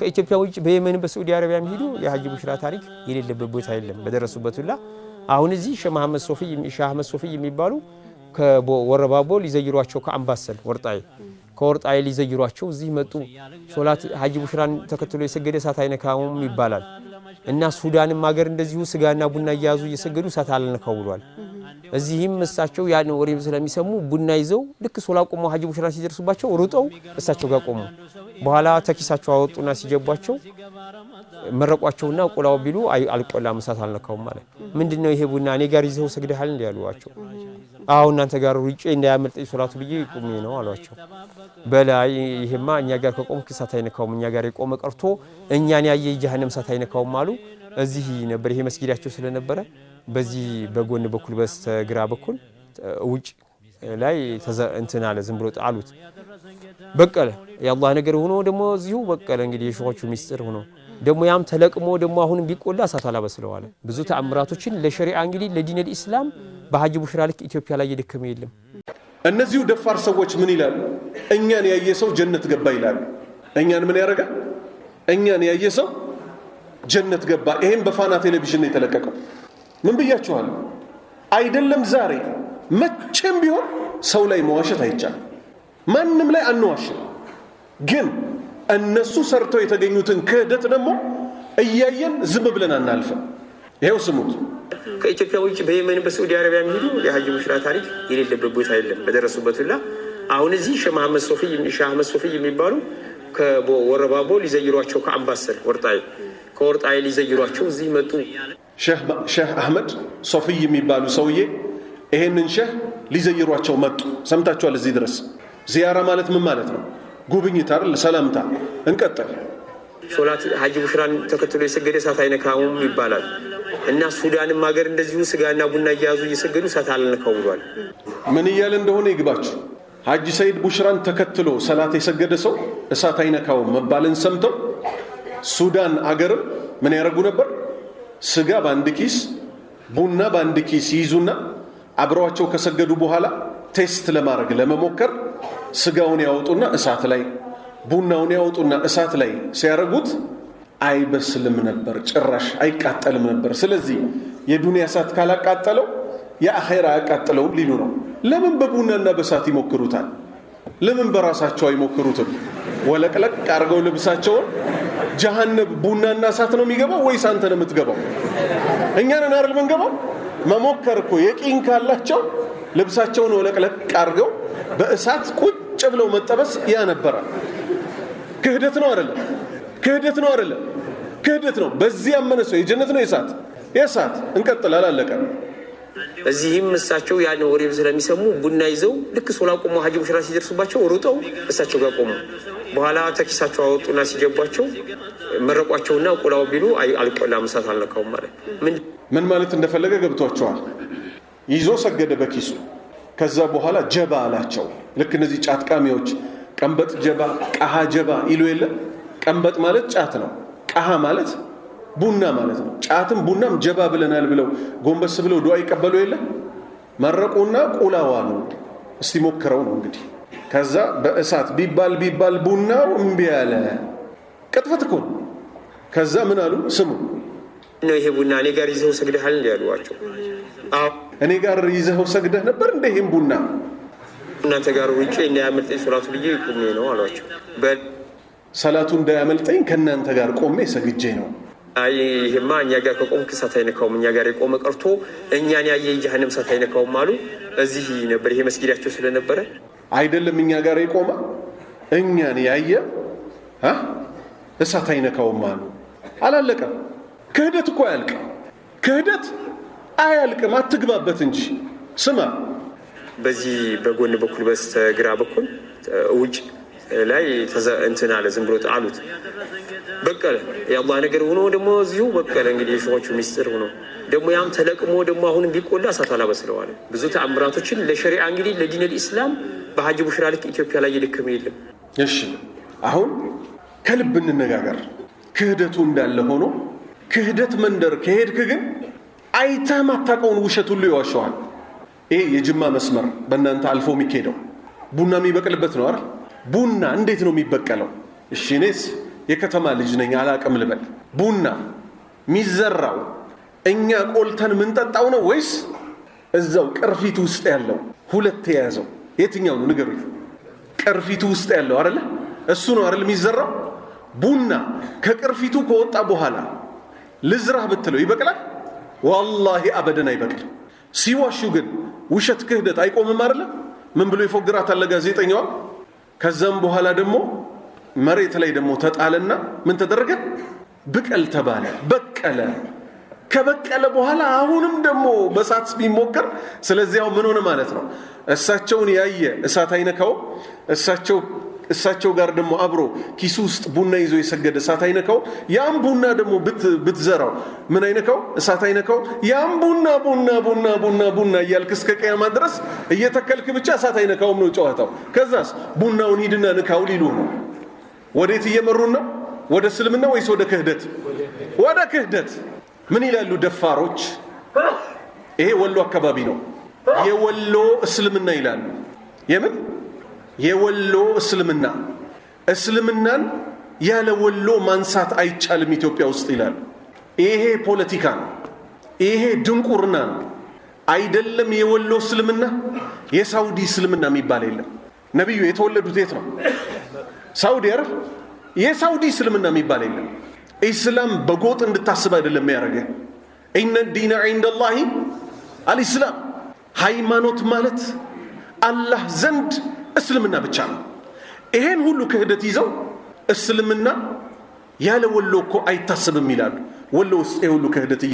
ከኢትዮጵያ ውጭ በየመን በሳዑዲ አረቢያ የሚሄዱ የሀጂ ቡሽራ ታሪክ የሌለበት ቦታ የለም። በደረሱበት ሁላ አሁን እዚህ ሼህ መሐመድ ሶፊ የሚባሉ ከወረባቦ ሊዘይሯቸው ከአምባሰል ወርጣዬ ከወርጣዬ ሊዘይሯቸው እዚህ መጡ። ሶላት ሀጂ ቡሽራን ተከትሎ የሰገደ እሳት አይነካውም ይባላል እና ሱዳንም ሀገር እንደዚሁ ስጋና ቡና እየያዙ እየሰገዱ እሳት አልነካው ብሏል። እዚህም እሳቸው ያን ወሬ ስለሚሰሙ ቡና ይዘው ልክ ሶላ ቆሞ ሀጂ ሙሽራ ሲደርሱባቸው ሩጠው እሳቸው ጋር ቆሙ። በኋላ ተኪሳቸው አወጡና ሲጀቧቸው መረቋቸውና ቁላው ቢሉ አልቆላ መሳት አልነካውም ማለት ምንድን ነው ይሄ ቡና እኔ ጋር ይዘው ሰግደሃል እንዲ ያሉዋቸው። አሁ እናንተ ጋር ሩጬ እንዳያመልጠ ሶላቱ ብዬ ቁሜ ነው አሏቸው። በላይ ይሄማ እኛ ጋር ከቆም እሳት አይነካውም፣ እኛ ጋር የቆመ ቀርቶ እኛን ያየ ጀሃነም እሳት አይነካውም አሉ። እዚህ ነበር ይሄ መስጊዳቸው ስለነበረ በዚህ በጎን በኩል በስተግራ በኩል ውጭ ላይ እንትን አለ። ዝም ብሎ ጣሉት በቀለ። የአላህ ነገር ሆኖ ደግሞ እዚሁ በቀለ። እንግዲህ የሸኾቹ ሚስጥር ሆኖ ደግሞ ያም ተለቅሞ ደግሞ አሁንም ቢቆላ እሳት አለ ብዙ ተአምራቶችን ለሸሪዓ እንግዲህ ለዲን ኢስላም በሀጅ ቡሽራ ልክ ኢትዮጵያ ላይ እየደከመ የለም። እነዚሁ ደፋር ሰዎች ምን ይላሉ? እኛን ያየ ሰው ጀነት ገባ ይላሉ። እኛን ምን ያደርጋል? እኛን ያየ ሰው ጀነት ገባ። ይህም በፋና ቴሌቪዥን ነው የተለቀቀው። ምን ብያችኋል? አይደለም ዛሬ መቼም ቢሆን ሰው ላይ መዋሸት አይቻልም። ማንም ላይ አንዋሽም። ግን እነሱ ሰርተው የተገኙትን ክህደት ደግሞ እያየን ዝም ብለን አናልፈም። ይኸው ስሙት። ከኢትዮጵያ ውጭ በየመን በሳዑዲ አረቢያ የሚሄዱ የሀጅ ሙሽራ ታሪክ የሌለበት ቦታ የለም። በደረሱበት ላ አሁን እዚህ ሼህ ሶፍይ ሶፍይ የሚባሉ ከወረባቦ ሊዘይሯቸው ከአምባሰል ወርጣይ ከወርጣይ ሊዘይሯቸው እዚህ መጡ። ሼህ አህመድ ሶፍይ የሚባሉ ሰውዬ ይሄንን ሼህ ሊዘይሯቸው መጡ። ሰምታችኋል። እዚህ ድረስ ዚያራ ማለት ምን ማለት ነው? ጉብኝት አይደል? ሰላምታ። እንቀጥል። ሶላት ሀጂ ቡሽራን ተከትሎ የሰገደ እሳት አይነካውም ይባላል እና ሱዳንም ሀገር እንደዚሁ ስጋና ቡና እያያዙ እየሰገዱ እሳት አልነካው ብሏል። ምን እያለ እንደሆነ ይግባችሁ። ሀጂ ሰይድ ቡሽራን ተከትሎ ሰላት የሰገደ ሰው እሳት አይነካውም መባልን ሰምተው ሱዳን አገርም ምን ያደረጉ ነበር ስጋ በአንድ ኪስ ቡና በአንድ ኪስ ይይዙና አብረዋቸው ከሰገዱ በኋላ ቴስት ለማድረግ ለመሞከር ስጋውን ያወጡና እሳት ላይ ቡናውን ያወጡና እሳት ላይ ሲያደርጉት አይበስልም ነበር፣ ጭራሽ አይቃጠልም ነበር። ስለዚህ የዱንያ እሳት ካላቃጠለው የአኼራ አያቃጥለውም ሊሉ ነው። ለምን በቡናና በእሳት ይሞክሩታል? ለምን በራሳቸው አይሞክሩትም? ወለቅለቅ አድርገው ልብሳቸውን ጀሃነብ ቡናና እሳት ነው የሚገባው ወይስ አንተ ነው የምትገባው? እኛ ነን አይደል የምንገባው? መሞከር እኮ የቂን ካላቸው ልብሳቸውን ወለቅለቅ አድርገው በእሳት ቁጭ ብለው መጠበስ ያነበራል። ክህደት ነው አይደለም? ክህደት ነው አይደለም? ክህደት ነው። በዚህ ያመነ ሰው የጀነት ነው የእሳት የእሳት። እንቀጥል፣ አላለቀም። እዚህም እሳቸው ያን ወሬ ስለሚሰሙ ቡና ይዘው ልክ ሶላ ቆሞ ሀጂ ሙሽራ ሲደርሱባቸው ሩጠው እሳቸው ጋር ቆሙ። በኋላ ተኪሳቸው አወጡና ሲጀቧቸው መረቋቸውና ቁላው ቢሉ አልቆላ ምሳት አልነካውም ማለት ምን ማለት እንደፈለገ ገብቷቸዋል። ይዞ ሰገደ በኪሱ። ከዛ በኋላ ጀባ አላቸው። ልክ እነዚህ ጫት ቃሚዎች ቀንበጥ ጀባ፣ ቀሃ ጀባ ይሉ የለም። ቀንበጥ ማለት ጫት ነው። ቀሃ ማለት ቡና ማለት ነው። ጫትም ቡናም ጀባ ብለናል ብለው ጎንበስ ብለው ዱዓ ይቀበሉ የለ መረቁና ቁላዋ ነው። እስቲ ሞክረው ነው እንግዲህ። ከዛ በእሳት ቢባል ቢባል ቡናው እምቢ ያለ ቅጥፈት እኮ ከዛ ምን አሉ? ስሙ ነው ይሄ ቡና እኔ ጋር ይዘው ሰግደሃል እንዲ ያሉዋቸው። እኔ ጋር ይዘው ሰግደህ ነበር እንደ ይህም ቡና እናንተ ጋር ውጭ እንዳያመልጠኝ ሶላቱ ብዬ ቁሜ ነው አሏቸው። ሰላቱ እንዳያመልጠኝ ከእናንተ ጋር ቆሜ ሰግጄ ነው አይ ይህማ እኛ ጋር ከቆምክ እሳት አይነካውም፣ እኛ ጋር የቆመ ቀርቶ እኛን ያየ ጀሃንም እሳት አይነካውም አሉ። እዚህ ነበር ይሄ መስጊዳቸው ስለነበረ አይደለም እኛ ጋር የቆመ እኛን ያየ እሳት አይነካውም አሉ። አላለቀም። ክህደት እኮ አያልቅም። ክህደት አያልቅም። አትግባበት እንጂ ስማ፣ በዚህ በጎን በኩል በስተግራ በኩል ውጭ ላይ እንትን አለ ዝም ብሎ ጣሉት። በቀለ የአላህ ነገር ሆኖ ደግሞ እዚሁ በቀለ። እንግዲህ የሸዎቹ ሚስጥር ሆኖ ደግሞ ያም ተለቅሞ ደግሞ አሁንም ቢቆላ እሳት አላበስለዋል። ብዙ ተአምራቶችን ለሸሪዓ እንግዲህ ለዲን ልእስላም በሀጅ ቡሽራ ልክ ኢትዮጵያ ላይ እየደከመ የለም። እሺ አሁን ከልብ እንነጋገር። ክህደቱ እንዳለ ሆኖ ክህደት መንደር ከሄድክ ግን አይተህ ማታውቀውን ውሸት ሁሉ ይዋሸዋል። ይሄ የጅማ መስመር በእናንተ አልፎ የሚካሄደው ቡና የሚበቅልበት ነው አይደል? ቡና እንዴት ነው የሚበቀለው? እሺ እኔስ የከተማ ልጅ ነኝ አላቅም ልበል። ቡና የሚዘራው እኛ ቆልተን የምንጠጣው ነው ወይስ እዛው ቅርፊት ውስጥ ያለው? ሁለት የያዘው የትኛው ነው ንገሩኝ። ቅርፊቱ ውስጥ ያለው አይደለ? እሱ ነው አይደል የሚዘራው። ቡና ከቅርፊቱ ከወጣ በኋላ ልዝራህ ብትለው ይበቅላል? ዋላሂ አበደን አይበቅል። ሲዋሹ ግን ውሸት፣ ክህደት አይቆምም አይደለ? ምን ብሎ ይፎግራታል ለጋዜጠኛዋ ከዛም በኋላ ደግሞ መሬት ላይ ደግሞ ተጣለና ምን ተደረገ? ብቀል ተባለ። በቀለ። ከበቀለ በኋላ አሁንም ደግሞ በእሳት ቢሞከር፣ ስለዚያው ምን ሆነ ማለት ነው። እሳቸውን ያየ እሳት አይነካው፣ እሳቸው እሳቸው ጋር ደግሞ አብሮ ኪሱ ውስጥ ቡና ይዞ የሰገደ እሳት አይነካው። ያም ቡና ደግሞ ብትዘራው ምን አይነካው? እሳት አይነካው። ያም ቡና ቡና ቡና ቡና ቡና እያልክ እስከ ቀያማ ድረስ እየተከልክ ብቻ እሳት አይነካውም ነው ጨዋታው። ከዛስ ቡናውን ሂድና ንካው ሊሉ ነው። ወዴት እየመሩን ነው? ወደ እስልምና ወይስ ወደ ክህደት? ወደ ክህደት። ምን ይላሉ ደፋሮች? ይሄ ወሎ አካባቢ ነው። የወሎ እስልምና ይላሉ። የምን የወሎ እስልምና እስልምናን ያለ ወሎ ማንሳት አይቻልም ኢትዮጵያ ውስጥ ይላሉ። ይሄ ፖለቲካ ነው። ይሄ ድንቁርና ነው። አይደለም የወሎ እስልምና፣ የሳውዲ እስልምና የሚባል የለም። ነቢዩ የተወለዱት የት ነው? ሳውዲ አረብ። የሳውዲ እስልምና የሚባል የለም። ኢስላም በጎጥ እንድታስብ አይደለም ያደረገ። ኢነ ዲነ ዒንደላሂ አልኢስላም። ሃይማኖት ማለት አላህ ዘንድ እስልምና ብቻ ነው። ይሄን ሁሉ ክህደት ይዘው እስልምና ያለ ወሎ እኮ አይታሰብም ይላሉ። ወሎ ውስጥ ሁሉ ክህደት